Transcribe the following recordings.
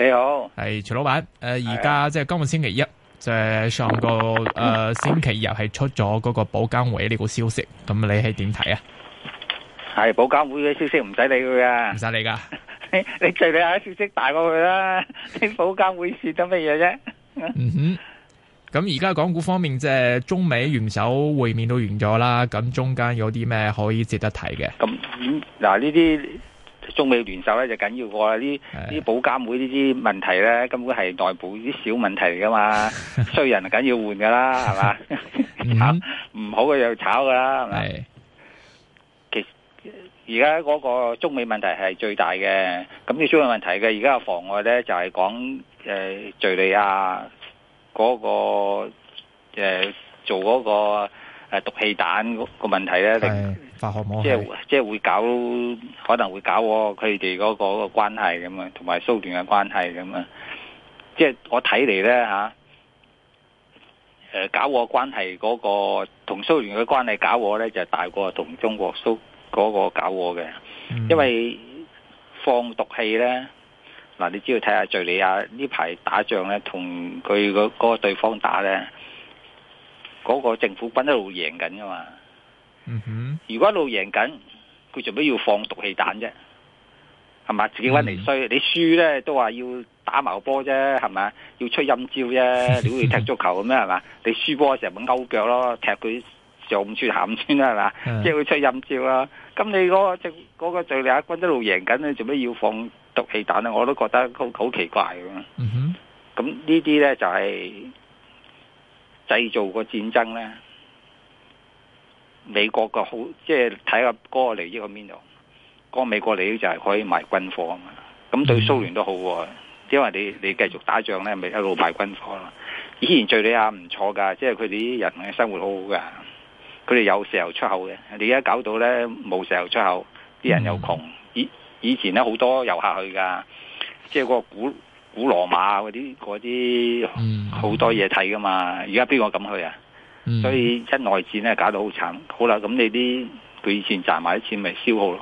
你好，係徐老闆。誒、呃，而家、啊、即係今日星期一，即係上個誒、呃、星期日係出咗嗰個保監會呢個消息，咁你係點睇啊？係保監會嘅消息唔使理佢噶，唔使理噶。 你隨你阿消息帶過去啦，保監會事咗乜嘢啫？ 嗯哼，咁而家港股方面，即係中美元首會面都完咗啦，咁中間有啲咩可以值得提嘅？咁，嗱呢啲。中美聯手咧就緊要過啦，呢啲保監會呢啲問題咧根本係內部啲小問題嚟噶嘛，衰人緊要換噶啦，係嘛？嚇唔好嘅又炒噶啦，係咪？其實而家嗰個中美問題係最大嘅，咁啲中美問題嘅而家嘅妨礙咧就係講誒敍利亞嗰個誒做嗰個。誒，毒氣彈個問題咧，定化學武器，即係即係會搞，可能會搞我佢哋嗰個關係咁啊，同埋蘇聯嘅關係咁啊，即係我睇嚟咧吓，誒搞我關係嗰個同蘇聯嘅關係搞我咧，就大過同中國蘇嗰個搞我嘅，因為放毒氣咧嗱，你只要睇下敍利亞呢排打仗咧，同佢個嗰個對方打咧。嗰、那個政府軍一路贏緊噶嘛？嗯哼，如果一路贏緊，佢做咩要放毒氣彈啫？係嘛？自己搵嚟衰。Mm -hmm. 你輸咧都話要打矛波啫，係咪？要出陰招啫。你會踢足球咁咩？係嘛？ 你輸波成日咪勾腳咯，踢佢上唔穿下唔穿啦，係嘛？即係佢出陰招啦。咁你嗰、那個只嗰、那個、敍利亞軍一路贏緊咧，做咩要放毒氣彈呢？我都覺得好好奇怪咁。哼、mm -hmm.，咁呢啲咧就係、是。製造個戰爭咧，美國個好即係睇下嗰個利益喺邊度，嗰、嗰個美國利益就係可以賣軍火啊嘛。咁對蘇聯都好、啊，因為你你繼續打仗咧，咪一路賣軍火嘛。以前敍利亞唔錯㗎，即係佢哋啲人嘅生活好好㗎。佢哋有石油出口嘅，你而家搞到咧冇石油出口，啲人又窮。以、嗯、以前咧好多遊客去㗎，即係個古。古羅馬嗰啲嗰啲好多嘢睇噶嘛，而家邊個敢去啊？所以一內戰咧搞到好慘。好啦，咁你啲佢以前賺埋啲錢咪消耗咯，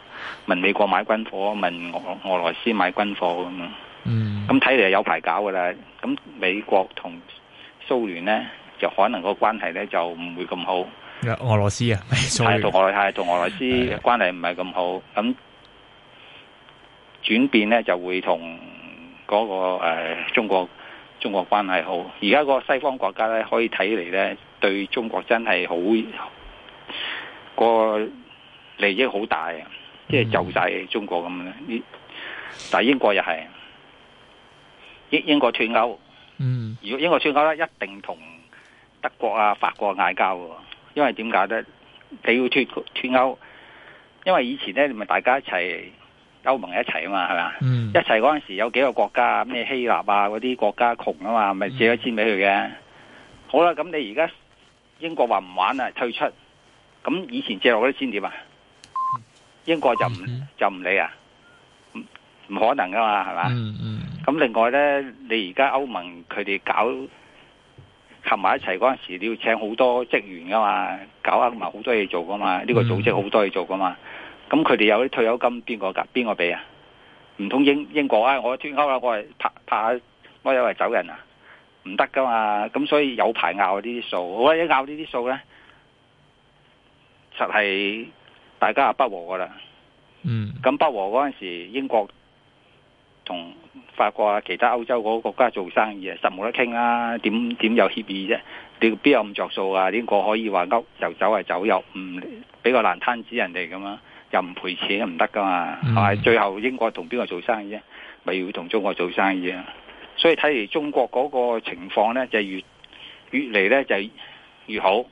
問美國買軍火，問俄俄羅斯買軍火咁樣嗯。咁睇嚟有排搞噶啦。咁美國同蘇聯咧就可能個關係咧就唔會咁好。俄羅斯啊，係同俄羅係同俄羅斯關係唔係咁好。咁轉變咧就會同。嗰、嗰個、呃、中國中國關係好，而家個西方國家咧可以睇嚟咧，對中國真係好、嗰個利益好大啊！即係就曬、喺、中國咁樣、嗯、但英國又係英英國脫歐，嗯，如果英國脫歐咧，一定同德國啊、法國嗌交喎，因為點解咧？你要脫脫歐，因為以前咧，你咪大家一齊。歐盟一齊啊嘛，係嘛、嗯？一齊嗰陣時有幾個國家咩？希臘啊嗰啲國家窮啊嘛，咪、啊、借咗錢俾佢嘅。好啦，咁你而家英國話唔玩啦，退出。咁以前借落嗰啲錢點啊？英國就唔就唔理啊？唔可能噶嘛、啊，係嘛？咁、嗯嗯、另外咧，你而家歐盟佢哋搞合埋一齊嗰陣時，你要請好多職員噶嘛，搞啊埋好多嘢做噶嘛，呢、呢個組織好多嘢做噶嘛。嗯嗯咁佢哋有啲退休金，邊個噶？邊個俾啊？唔通英英國啊、哎？我脫歐啦，我係拍拍攞優惠走人啊？唔得噶嘛！咁所以有排拗呢啲數，我一拗呢啲數咧，實係大家啊不和噶啦。嗯，咁不和嗰陣時，英國同法國啊，其他歐洲嗰個國家做生意啊，實冇得傾啦。點點有協議啫？你邊有咁着數啊？英國可以話勾就走係走又唔俾個爛攤子人哋咁啊？又唔賠錢唔得噶嘛，係、嗯、咪？最後英國同邊個做生意啫？咪要同中國做生意啊？所以睇嚟中國嗰個情況咧，就越越嚟咧就越好。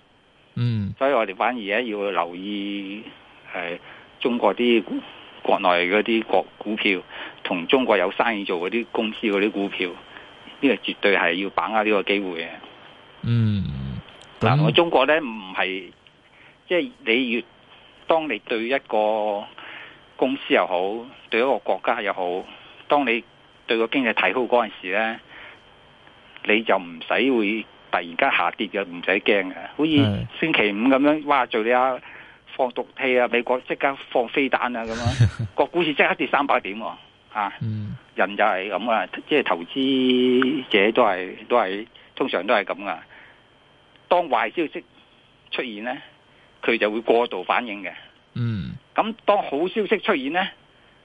嗯，所以我哋反而咧要留意係中國啲國內嗰啲國股票，同中國有生意做嗰啲公司嗰啲股票，呢、這個絕對係要把握呢個機會嘅。嗯，嗱，我中國咧唔係即係你越。當你對一個公司又好，對一個國家又好，當你對個經濟睇好嗰陣時呢，你就唔使會突然間下跌嘅，唔使驚嘅。好似星期五咁樣，哇！做你阿、啊、放毒氣啊，美國即刻放飛彈啊，咁樣， 個股市即刻跌三百點喎、啊啊嗯，人就係咁啊，即係投資者都係都係通常都係咁噶。當壞消息出現呢，佢就會過度反應嘅，嗯，咁當好消息出現咧，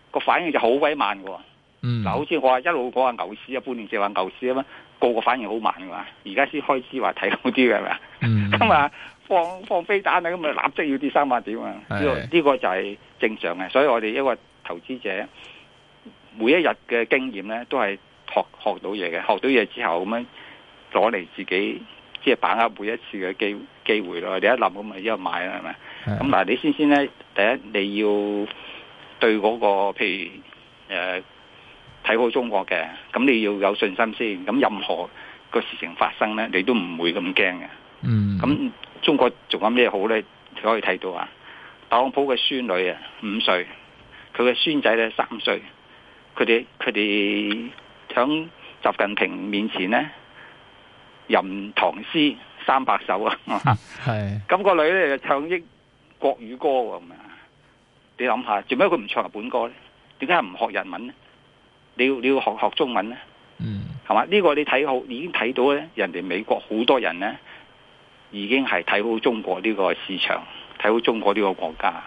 個反應就好鬼慢嘅，嗯，嗱，好似我一路講話牛市啊，半年前話牛市啊嘛，個個反應好慢嘅嘛，而家先開始話睇好啲嘅係咪？咁啊，嗯、放放飛彈啊，咁啊立即要跌三百點啊，呢個呢個就係正常嘅，所以我哋一個投資者每一日嘅經驗咧，都係學學到嘢嘅，學到嘢之後咁樣攞嚟自己。即係把握每一次嘅機機會咯，你一諗咁咪一度買啦，係咪？咁嗱、嗯啊，你先先咧，第一你要對嗰、那個譬如誒睇、呃、好中國嘅，咁你要有信心先。咁任何個事情發生咧，你都唔會咁驚嘅。嗯。咁中國仲有咩好咧？你可以睇到啊，特朗普嘅孫女啊五歲，佢嘅孫仔咧三歲，佢哋佢哋響習近平面前咧。吟唐詩三百首啊，係咁、那個女咧就唱英國語歌咁啊，你諗下，做咩佢唔唱日本歌咧？點解唔學日文呢？你要你要學學中文呢？嗯，係嘛？呢、這個你睇好你已經睇到咧，人哋美國好多人咧已經係睇好中國呢個市場，睇好中國呢個國家。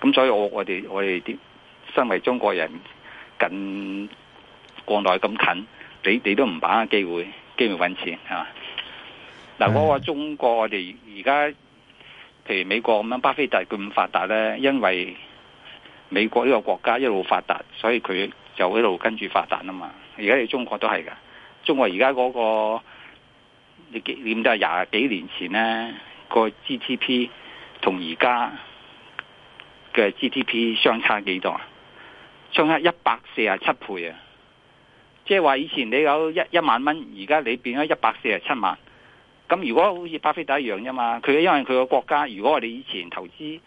咁所以我我哋我哋啲身為中國人，近國內咁近，你你都唔把握機會。機會搵錢吓，嗱、嗰個，我話中國我哋而家，譬如，美國咁樣巴菲特咁發達咧，因為美國呢個國家一路發達，所以佢就一路跟住發達啊嘛。而家你中國都係噶，中國而家嗰個，你都解廿幾年前咧個 GDP 同而家嘅 GDP 相差幾多啊？相差一百四十七倍啊！即係話以前你有一一萬蚊，而家你變咗一百四十七萬。咁如果好似巴菲特一樣啫嘛，佢因為佢個國家，如果我哋以前投資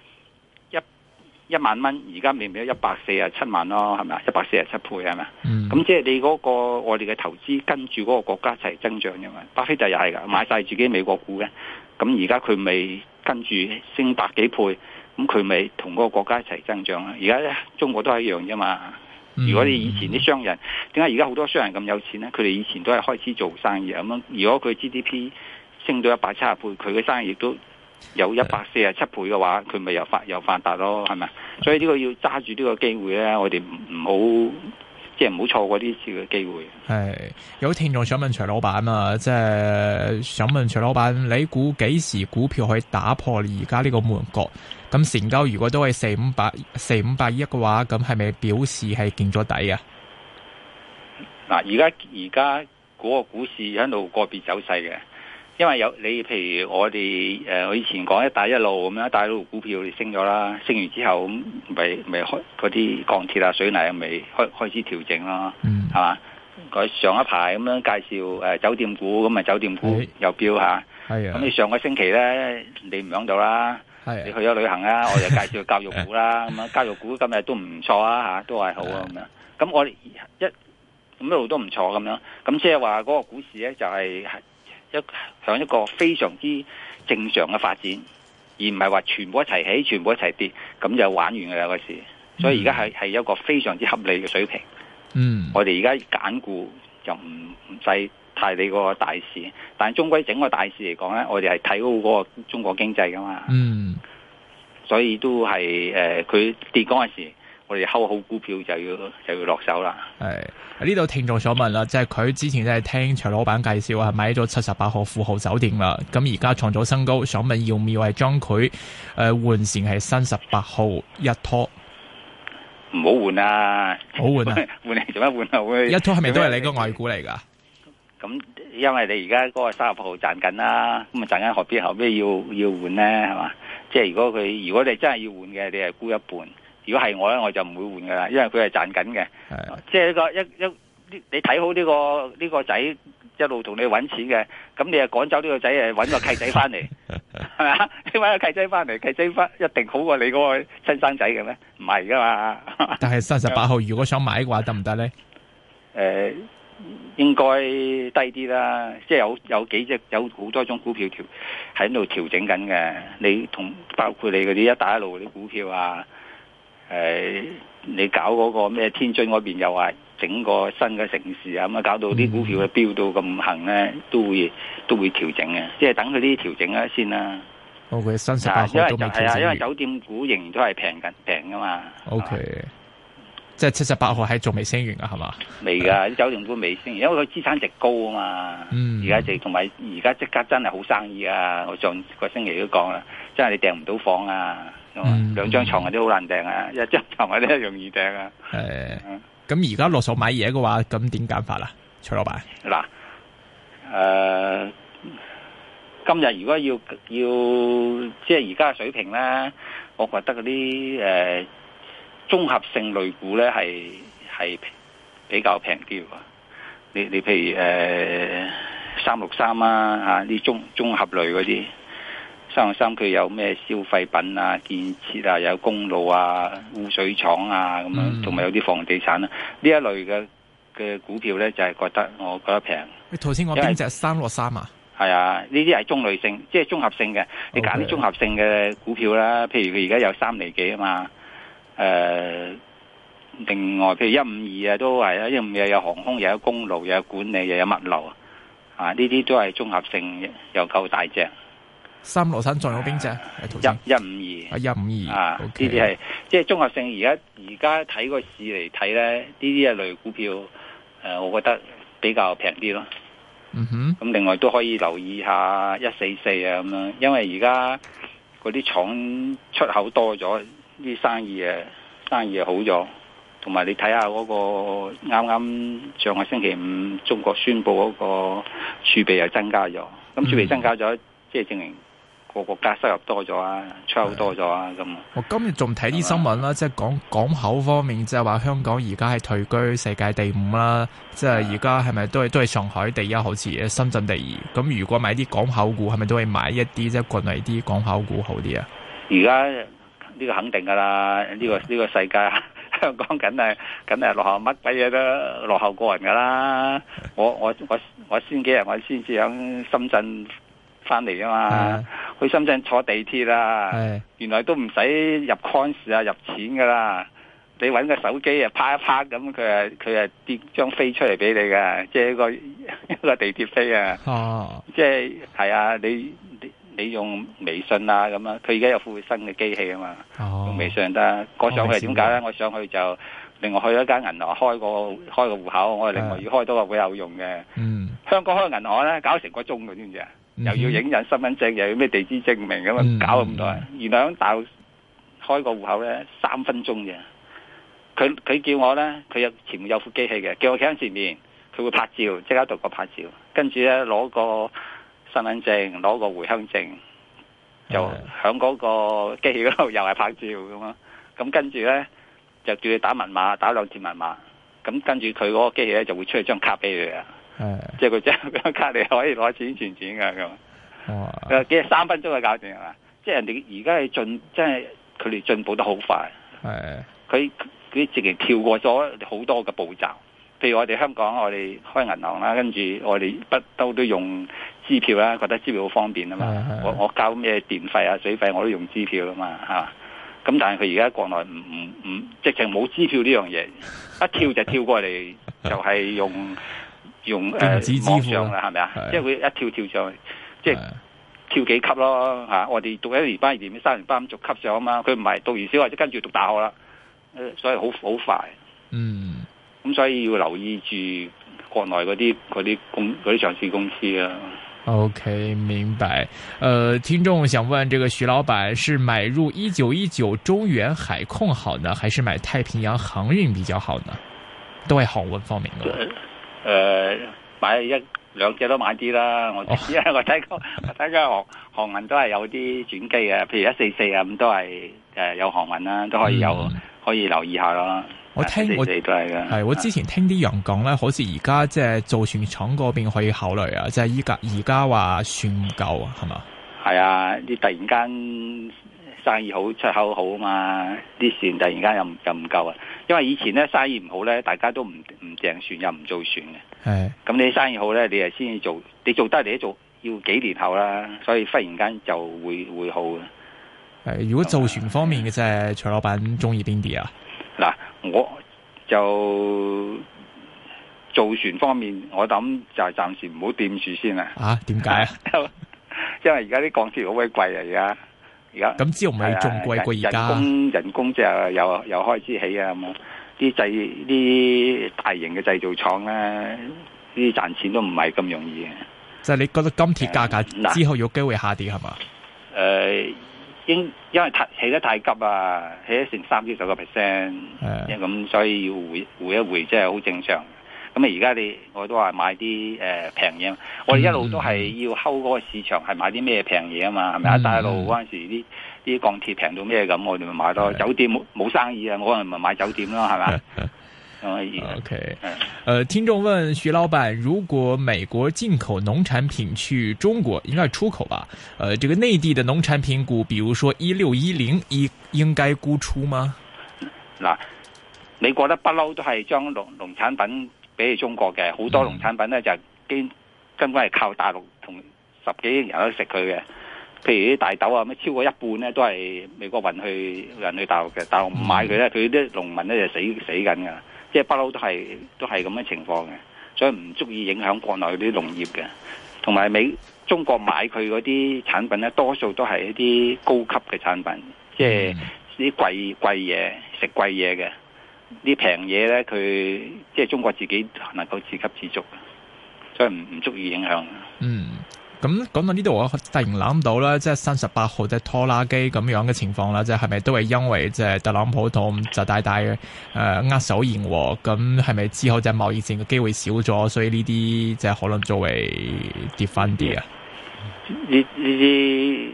一一萬蚊，而家咪變咗一百四十七萬咯，係咪啊？一百四十七倍係咪啊？咁即係你嗰，那個我哋嘅投資跟住嗰個國家一齊增長啫嘛。巴菲特又係噶，買晒自己美國股嘅，咁而家佢未跟住升百幾倍，咁佢咪同嗰個國家一齊增長啦。而家咧中國都係一樣啫嘛。如果你以前啲商人，點解而家好多商人咁有錢呢？佢哋以前都係開始做生意咁樣。如果佢 GDP 升到一百七十倍，佢嘅生意都有一百四十七倍嘅話，佢咪又發又發達咯？係咪？所以呢個要揸住呢個機會呢，我哋唔好。即係唔好錯過呢次嘅機會。係有聽眾想問徐老闆啊，即係想問徐老闆，你估幾時股票可以打破而家呢個悶局？咁成交如果都係四五百、四五百億嘅話，咁係咪表示係見咗底啊？嗱，而家而家嗰個股市喺度個別走勢嘅。因為有你，譬如我哋誒、呃，我以前講一帶一路咁樣，一帶一路股票你升咗啦，升完之後咁咪咪開嗰啲鋼鐵啊、水泥又咪開開始調整啦，係、嗯、嘛？佢上一排咁樣介紹誒、呃、酒店股，咁咪酒店股有飆下，咁、啊啊、你上個星期咧你唔響度啦，你去咗旅行啦，我又介紹教育股啦，咁 啊教育股今日都唔錯啊吓，都係好啊咁樣。咁我一咁一,一路都唔錯咁樣，咁即係話嗰個股市咧就係、是。一向一個非常之正常嘅發展，而唔係話全部一齊起，起，全部一齊跌，咁就玩完噶啦，嗰個市。所以而家係係一個非常之合理嘅水平。嗯、mm.，我哋而家揀股就唔唔使太理個大市，但係終歸整個大市嚟講咧，我哋係睇好嗰個中國經濟噶嘛。嗯、mm.，所以都係誒，佢、呃、跌嗰陣時。我哋睺好股票就要就要落手啦。係呢度聽眾所問啦，即係佢之前都係聽徐老闆介紹啊，買咗七十八號富豪酒店啦。咁而家創咗新高，想問要唔要係將佢誒、呃、換成係新十八號一拖？唔好換啊！唔好換啊！ 換嚟做乜換後會一拖係咪都係你個外股嚟噶？咁因為你而家個三十八號賺緊啦，咁啊賺緊何必後邊要要，要，要換咧係嘛？即係如果佢如果你真係要換嘅，你係沽一半。如果係我咧，我就唔會換噶啦，因為佢係賺緊嘅。即係一個一一，你睇好呢個呢個仔一路同你搵錢嘅，咁你又趕走呢個仔，誒搵個契仔翻嚟，係咪？你搵個契仔翻嚟，契仔翻一定好過你嗰個親生仔嘅咩？唔係噶嘛？但係三十八號如果想買嘅話，得唔得咧？誒，應該低啲啦，即係有有幾隻有好多種股票調喺度調整緊嘅。你同包括你嗰啲一帶一路啲股票啊。誒、呃，你搞嗰個咩天津嗰邊又話整個新嘅城市啊，咁啊搞到啲股票嘅飚到咁行咧、嗯，都會都會調整嘅，即係等佢啲調整先啊先啦。O K，七十八號都未升完。啊，因為係啊，因為酒店股仍然都係平緊平噶嘛。O、okay, K，即係七十八號係仲未升完噶係嘛？未噶，啲 酒店股未升完，因為佢資產值高啊嘛。嗯。而家即係同埋而家即刻真係好生意啊！我上個星期都講啦，即係你訂唔到房啊。嗯、兩兩張牀嗰啲好難訂啊、嗯，一張牀嗰啲容易訂啊。誒、嗯，咁而家落手買嘢嘅話，咁點揀法啦？徐老闆，嗱，誒、呃，今日如果要要即係而家嘅水平咧，我覺得嗰啲誒綜合性類股咧係係比較平啲嘅。你你譬如誒三六三啊，吓啲綜綜合類嗰啲。三六三佢有咩消費品啊、建設啊，有公路啊、污水廠啊咁樣，同、嗯、埋有啲房地產啊呢一類嘅嘅股票呢，就係、是、覺得我覺得平。你頭先講邊隻三落三啊？係啊，呢啲係中類性，即係綜合性嘅。Okay. 你揀啲綜合性嘅股票啦，譬如佢而家有三厘幾啊嘛。誒、呃，另外譬如一五二啊，都係一五二有航空，又有，有公路，又有，有管理，又有，有物流啊。呢啲都係綜合性又夠大隻。三羅山仲有邊隻、uh, 啊？一、一五二啊，一五二啊，呢啲係即係綜合性。而家而家睇個市嚟睇咧，呢啲嘢類股票誒、呃，我覺得比較平啲咯。哼、mm -hmm. 嗯，咁另外都可以留意一下一四四啊，咁樣，因為而家嗰啲廠出口多咗，啲生意誒，生意又好咗，同埋你睇下嗰、嗰個啱啱上個星期五中國宣布嗰個儲備又增加咗，咁儲備增加咗。Mm -hmm. 即、係證明個國家收入多咗啊，出口多咗啊，咁我今日仲睇啲新聞啦，即係講港口方面，即係話香港而家係退居世界第五啦，即係而家係咪都係都係上海第一，好似深圳第二。咁如果買啲港口股，係咪都係買一啲即係國內啲港口股好啲啊？而家呢個肯定噶啦，呢個呢個世界 香港梗係梗係落後乜鬼嘢都落後過人噶啦。 我我我我先幾日我先至喺深圳。翻嚟啊嘛，去深圳坐地鐵啦、啊，原來都唔使入 coin 啊，入錢噶啦。你揾個手機啊，拍一拍咁，佢啊佢啊跌張飛出嚟俾你嘅，即係個一個地鐵飛啊。哦，即係係啊，你你用微信啊咁啊，佢而家有副新嘅機器啊嘛。哦，用微信得、啊。我上去點解咧？我上去就另外去一間銀行開個開個戶口，啊、我係另外要開多個會有用嘅。嗯，香港開銀行咧，搞成個鐘嘅先至啊。知唔知啊又要影印身份證，又要咩地址證明咁啊，樣搞咁多、嗯。原來響大陸開個戶口呢，三分鐘啫。佢佢叫我呢，佢有前面有副機器嘅，叫我企喺前面，佢會拍照，即刻度個拍照。跟住呢，攞個身份證，攞個回鄉證，就響嗰個機器嗰度又係拍照咁，咁跟住呢，就叫你打密碼，打兩次密碼。咁跟住佢嗰個機器呢，就會出去張卡俾佢。啊。誒， 即係佢即係隔籬，可以攞錢存錢噶咁。哦，誒，幾日？三分鐘就搞掂啦！即係人哋而家係進，即係佢哋進步得好快。係，佢佢直情跳過咗好多嘅步驟。譬如我哋香港，我哋開銀行啦，跟住我哋不嬲都用支票啦，覺得支票好方便啊嘛。我我交咩電費啊水費，我都用支票噶嘛吓。咁、啊、但係佢而家國內唔唔唔，直情冇支票呢樣嘢，一跳就跳過嚟， 就係用。用誒網上啦，係咪啊？即係、就是、會一跳跳上，去，即係跳幾級咯嚇、啊啊？我哋讀一年班、二年三年班咁逐級上啊嘛。佢唔係讀完小學就跟住讀大學啦，所以好好快。嗯，咁所以要留意住國內嗰啲啲公啲上市公司啊。OK，明白。誒、呃，聽眾想問：這個徐老闆是買入一九一九中遠海控好呢，還是買太平洋航運比較好呢？都係航運方面嘅。對。誒、呃，買一兩隻都買啲啦，oh. 我因為我睇過睇過航航運都係有啲轉機嘅，譬如一四四啊咁都係誒有航運啦，都可以有可以留意一下咯。我聽四四我哋都係嘅，係我之前聽啲人講咧，好似而家即係造船廠嗰邊可以考慮、就是、啊，即係依家而家話算唔夠係嘛？係啊，啲突然間。生意好，出口好啊嘛，啲船突然間又又唔夠啊，因為以前咧生意唔好咧，大家都唔唔訂船又唔做船嘅，係，咁你生意好咧，你係先做，你做得嚟做要幾年後啦，所以忽然間就會會好啊。係，如果造船方面嘅，即係徐老闆中意邊啲啊？嗱，我就造船方面，我諗就係暫時唔好掂住先啦。啊，點解 啊？因為而家啲鋼鐵好鬼貴啊，而家。咁之後唔係仲貴過而家人工，人工即係又又開始起啊！啲製啲大型嘅製造廠咧，啲賺錢都唔係咁容易嘅。即係你覺得金鐵價格之後有機會下跌係嘛？誒、呃呃，因因為太起得太急啊，起咗成三至十個 percent，即係咁，所以要回回一回即係好正常。咁啊！而家你我都話買啲誒平嘢，我哋一路都係要睺嗰個市場係買啲咩平嘢啊嘛，係咪啊？大陸嗰陣時啲啲鋼鐵平到咩咁，我哋咪買多、嗯、酒店冇生意啊，我可能咪買酒店咯，係 嘛？可以 OK 誒，誒、呃，聽眾問徐老闆：如果美國進口農產品去中國，應該係出口吧？誒、呃，這個內地的農產品股，比如說一六一零，應應該沽出嗎？嗱，你覺得不嬲都係將農農產品？比起中國嘅好多農產品咧，就根根本係靠大陸同十幾億人都食佢嘅。譬如啲大豆啊，咩超過一半咧都係美國運去人去大陸嘅。大陸唔買佢咧，佢啲農民咧就死死緊㗎。即係不嬲都係都係咁嘅情況嘅，所以唔足以影響國內嗰啲農業嘅。同埋美中國買佢嗰啲產品咧，多數都係一啲高級嘅產品，即係啲貴貴嘢食貴嘢嘅。呢平嘢咧，佢即係中國自己能夠自給自足，所以唔唔足以影響。嗯，咁講到呢度，我突然諗到啦，即係三十八號即係拖拉機咁樣嘅情況啦，即係係咪都係因為即係特朗普同習大大誒、呃、握手言和，咁係咪之後就貿易戰嘅機會少咗，所以呢啲即係可能作為跌翻啲啊？呢呢啲。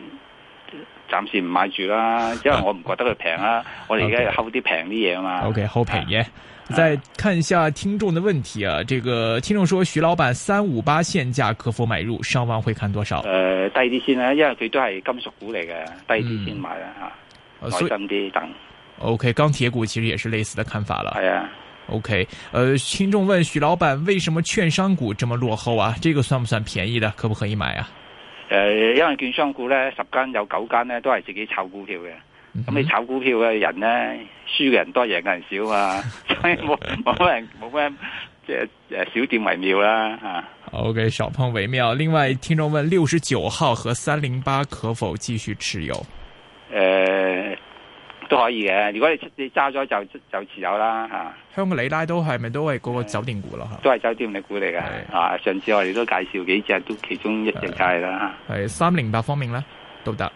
暫時唔買住啦，因為我唔覺得佢平啊，我哋而家要 hold 啲平啲嘢啊嘛。OK，hold 平嘅。再看一下聽眾的問題啊，啊這個聽眾說徐老闆三五八現價可否買入？上望會看多少？誒、呃，低啲先啦、啊，因為佢都係金屬股嚟嘅，低啲先買啦吓，耐、嗯啊、心啲等。OK，鋼鐵股其實也是類似的看法啦。係啊。OK，呃，聽眾問徐老闆，為什麼券商股這麼落後啊？這個算不算便宜的？可不可以買啊？誒，因為券商股咧十間有九間咧都係自己炒股票嘅，咁你炒股票嘅人咧，輸嘅人多，贏嘅人少啊，所以冇冇咩冇咩，即係誒少掂為妙啦吓。OK，少掂為妙。另外，聽眾問六十九號和三零八可否繼續持有？誒、呃。都可以嘅，如果你出你揸咗就就，就持有啦吓、啊。香格里拉都係咪都係嗰個酒店股咯吓，都係酒店嘅股嚟噶。啊，上次我哋都介紹幾隻，都其中一隻介啦。係三零八方面咧，都得。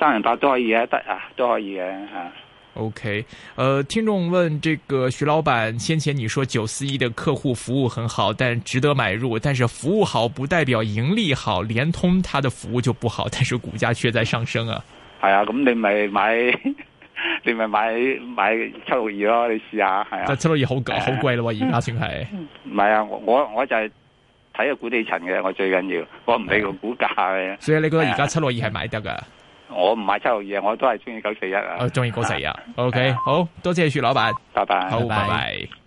三零八都可以嘅，得啊，都可以嘅吓。OK，誒，聽眾問：這個徐老闆先前你說九四一的客戶服務很好，但值得買入，但是服務好不代表盈利好。聯通它的服務就不好，但是股價卻在上升啊。係啊，咁、嗯、你咪買。 你咪買買七六二咯，你試下係啊！就是、七六二好貴好貴咯，而家、啊啊、算係。唔係啊，我我就係睇個管理層嘅，我最緊要，我唔理個股價嘅、啊。所以你覺得而家七六二係買得噶？我唔買七六二啊，我都係中意九四一啊。我中意九四一。啊啊、o、okay, K，、啊、好，多謝徐老闆。拜拜，好，拜拜。拜拜